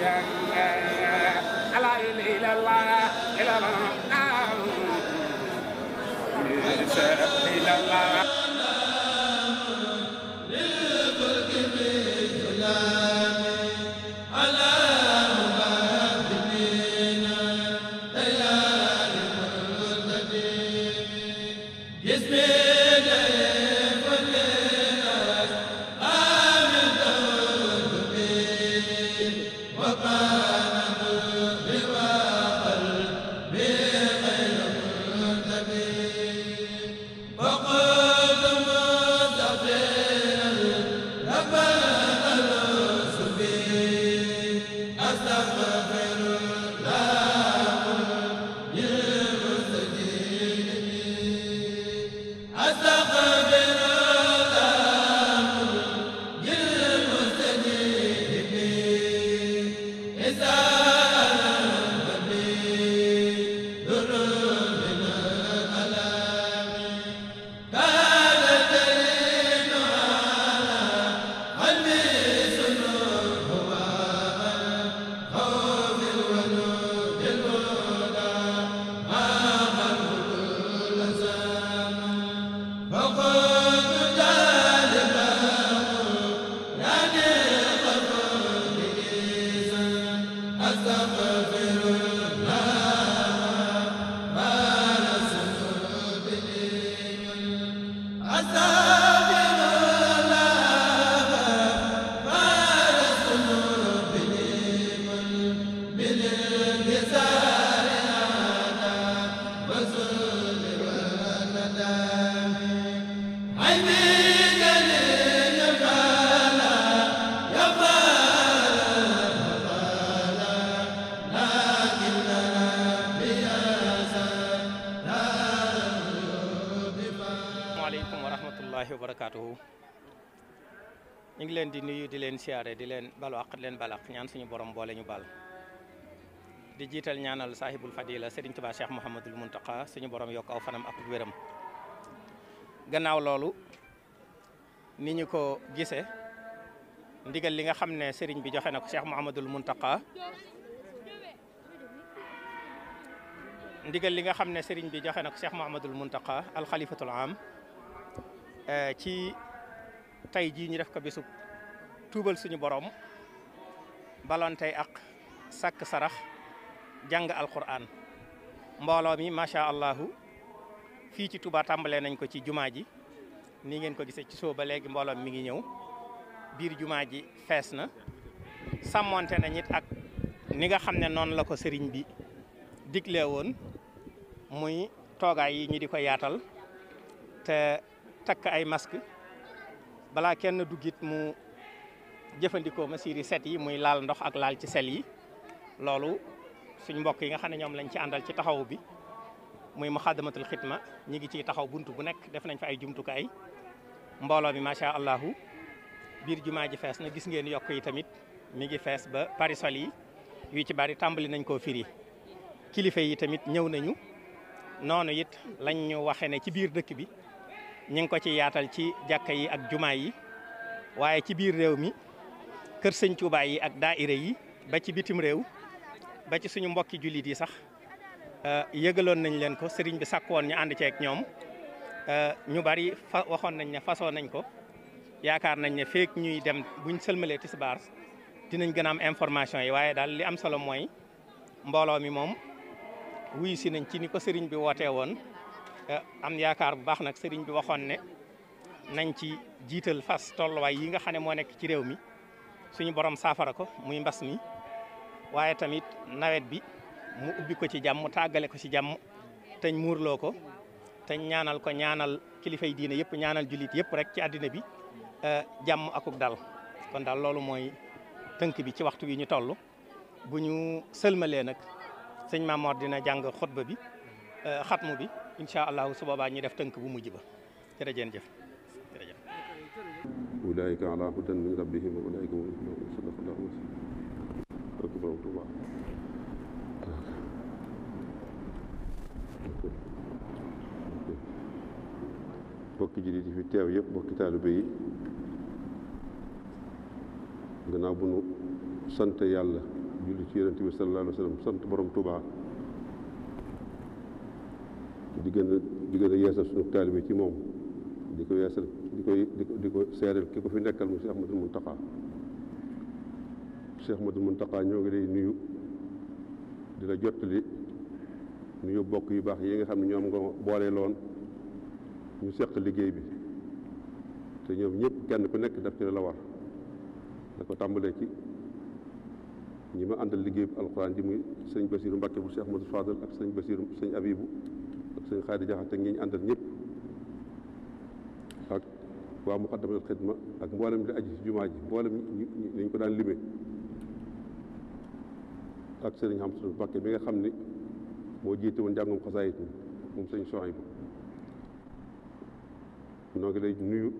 لا إله إلا الله إلا الله rahmatullahi wa barakatuhu ngi leen di nuyu di leen di leen balu akad leen balak ak ñaan suñu borom boole ñu bal di jiital ñaanal saahibul fadila Serigne Touba Cheikh Mouhamadul Muntaqa suñu borom yokk aw fanam ak wéram gannaaw loolu ni ñu ko gisee ndigal li nga xam ne Serigne bi joxe na Cheikh Mouhamadul Muntaqa ndigal li nga xam Serigne bi joxe na Cheikh Muntaqa al khalifatul am Euh, ci tey jii ñu def ko bésub tuubal suñu borom balontey ak sàkk sarax jàng alquran mbooloo mi macha allahu fii ci Touba tàmbalee nañ ko ci jumaa ji nii ngeen ko gisee ci soo ba léegi mbooloo mi ngi ñëw biir jumaa ji fees na sàmmonte na ak ni nga xam ne noonu la ko sëriñ bi diglee woon muy toogaay yi di ko yaatal te takk ay masque balaa kenn duggit mu jëfandikoo mesures yi set yi muy laal ndox ak laal ci sel yi loolu suñ mbokk yi nga xam ne ñoom lañ ci àndal ci taxaw bi muy muxaddamatul xidma ñi ngi ci taxaw bunt bu nekk def nañ fa ay jumtukaay mbooloo mi macha allahu biir jumaa ji fees na gis ngeen yokk yi tamit mi ngi fees ba parisol yi yu ci bari tàmbali nañ koo firi kilifa yi tamit ñëw nañu noonu it lañ ñu waxee ne ci biir dëkk bi ñu ngi ko ci yaatal ci jàkka yi ak jumaa yi waaye ci biir réew mi kër sëñ Tuubaa yi ak daayira yi ba ci bitim réew ba ci suñu mbokki jullit yi sax eh, yëgaloon nañ leen ko sëriñ bi sàkkoon ñu ànd ceeg ñoom eh, ñu bari fa waxoon nañ ne façon nañ ko yaakaar nañ ne feek ñuy dem buñ sëlmalee tisbaar dinañ gën a am information yi waaye daal li am solo mooy mbooloo mi moom wuyu si nañ ci ni ko sëriñ bi wootee woon Eh, am yaakaar bu baax nag sëriñ bi waxoon ne nañ ci jiital fas tolluwaay yi nga xam ne moo nekk ci réew mi suñu borom ko muy mi tamit nawet bi mu ubbi ko ci jàmm tàggale ko ci jàmm teñ muurloo ko teñ ñaanal ko ñaanal kilifay diine yëpp ñaanal jullit yëpp rek ci àddina bi eh, jàmm akuk dal kon daal loolu mooy bi ci waxtu wi ñu toll bu ñu sëlmalee nag sëñ dina jàng xutba bi eh, bi incha allahu su boobaa ñu def tënk bu mujj ba jërëjeen jëf jërëjëf ulaayika ala hudan min rabbihim wa ulaayika hum sadaqallahu bokki jullit yi fi teew yëpp bokki taalibe yi gannaaw bu nu sant yàlla julli ci yonent bi sallallahu alayhi wa sallam sant borom Tuubaa di gën a di gën a yeesal sunu taalibe ci moom di ko yeesal di ko di ko seeral ki ko fi nekkal mu Cheikh Ahmadou Mountakha Cheikh Ahmadou taqaa ñoo ngi lay nuyu di la jottali nuyu bokk yu baax yi nga xam ne ñoom nga boole loon ñu seq liggéey bi te ñoom ñëpp kenn ku nekk daf ci la war da ko tàmbalee ci ñi ma àndal liggéey bu alxuraan ji muy sëñ Basiiru Mbàkke bu Cheikh Ahmadou Fadal ak sëñ Basiiru sëñ Abibu sëñ Xaadi Jaxate ngi ñu àndal ñëpp ak waa muqaddamatul xidma ak mboolem di aji si jumaa ji mboolem ñu ko daan limee ak sëriñ Amsatu Mbàkke bi nga xam ni moo jiite woon njàngum xasaayit mi moom sëñ Sohayb noo ngi lay nuyu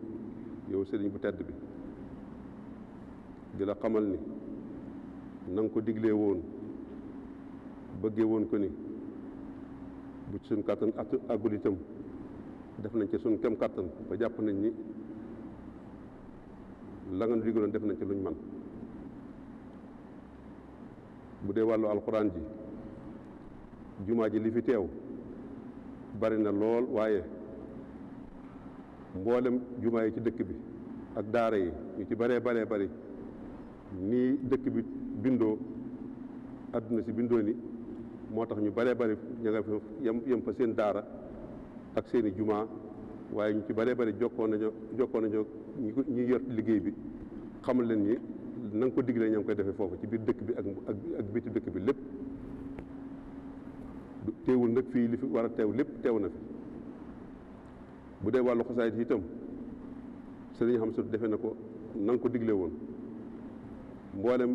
yow sëriñ bu tedd bi di la xamal ni na nga ko diglee woon bëggee woon ko ni bu ci sun kàttan at àggul itam def nañ ci suñ kem kàttan ba jàpp nañ ni la nga digaloon def nañ ci luñ man bu dee wàllu alxuraan ji jumaa ji li fi teew bari na lool waaye mboolem jumaa yi ci dëkk bi ak daara yi ñu ci baree baree bari nii dëkk bi bindoo àdduna si bindoo ni moo tax ñu baree bari ña nga yem yem fa seen daara ak seen i jumaa waaye ñu ci baree bari jokkoon nañu jokkoon nañu ñi yor liggéey bi xamal leen ni na nga ko diglee ña ngi koy defee foofu ci biir dëkk bi ak ak biti dëkk bi lépp teewul nag fii li fi war a teew lépp teew na fi bu dee wàllu xosaayit yi itam sëriñ xam su defee na ko na nga ko digle woon mboolem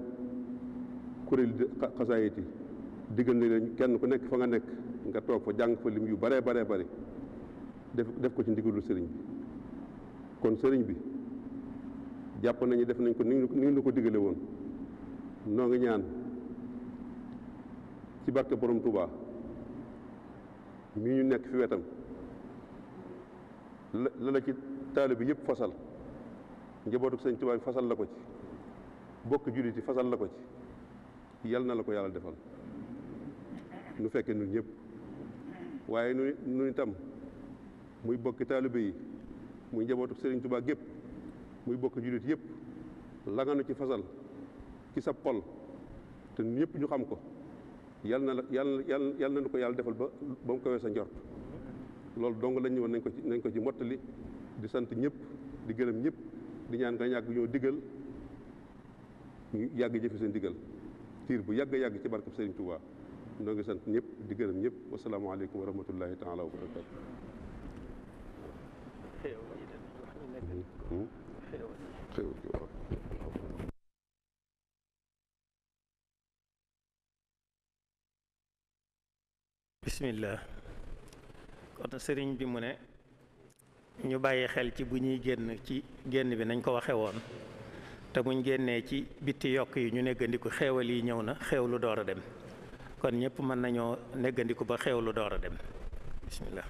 kuréel xasaayit yi diggal na leen kenn ku nekk fa nga nekk nga toog fa jàng fa lim yu bare baree bari def def ko ci ndigalu sëriñ bi kon sëriñ bi jàpp nañu def nañ ko ni ñu ni ko diggale woon noo ngi ñaan ci barke borom Touba mi ñu nekk fi wetam la la ci taalibe bi yëpp fasal njabootu sëriñ Touba bi fasal la ko ci bokk jullit yi fasal la ko ci yal na la ko yàlla defal nu fekke ñun ñëpp waaye nu nu itam muy bokki taalibe yi muy njabootu sëriñ tubaa gépp muy bokk julit yépp la nga nu ci fasal ci sa xol te ñëpp ñu xam ko yàlla na yàlla yàlla yàlla na ko yàlla defal ba ba mu kawee sa njort loolu dong lañ ñëwoon nañ ko nañ ko ci mottali di sant ñëpp di gërëm ñëpp di ñaan nga ñàgg ñoo digal ñu yàgg jëfe seen digal tiir bu yàgg yàgg ci barkab sëriñ tubaa noo ngi sant di gërëm ñëpp wasalaamaaleykum wa rahmatullahi taala wa kon sëriñ bi mu ne ñu bàyyi xel ci bu ñuy génn ci génn bi nañ ko waxe woon te buñ génnee ci bitti yokk yi ñu ne xewal yi ñëw na xew lu door a dem kon ñëpp mën nañoo neggandiku ba lu door a dem bisimilah.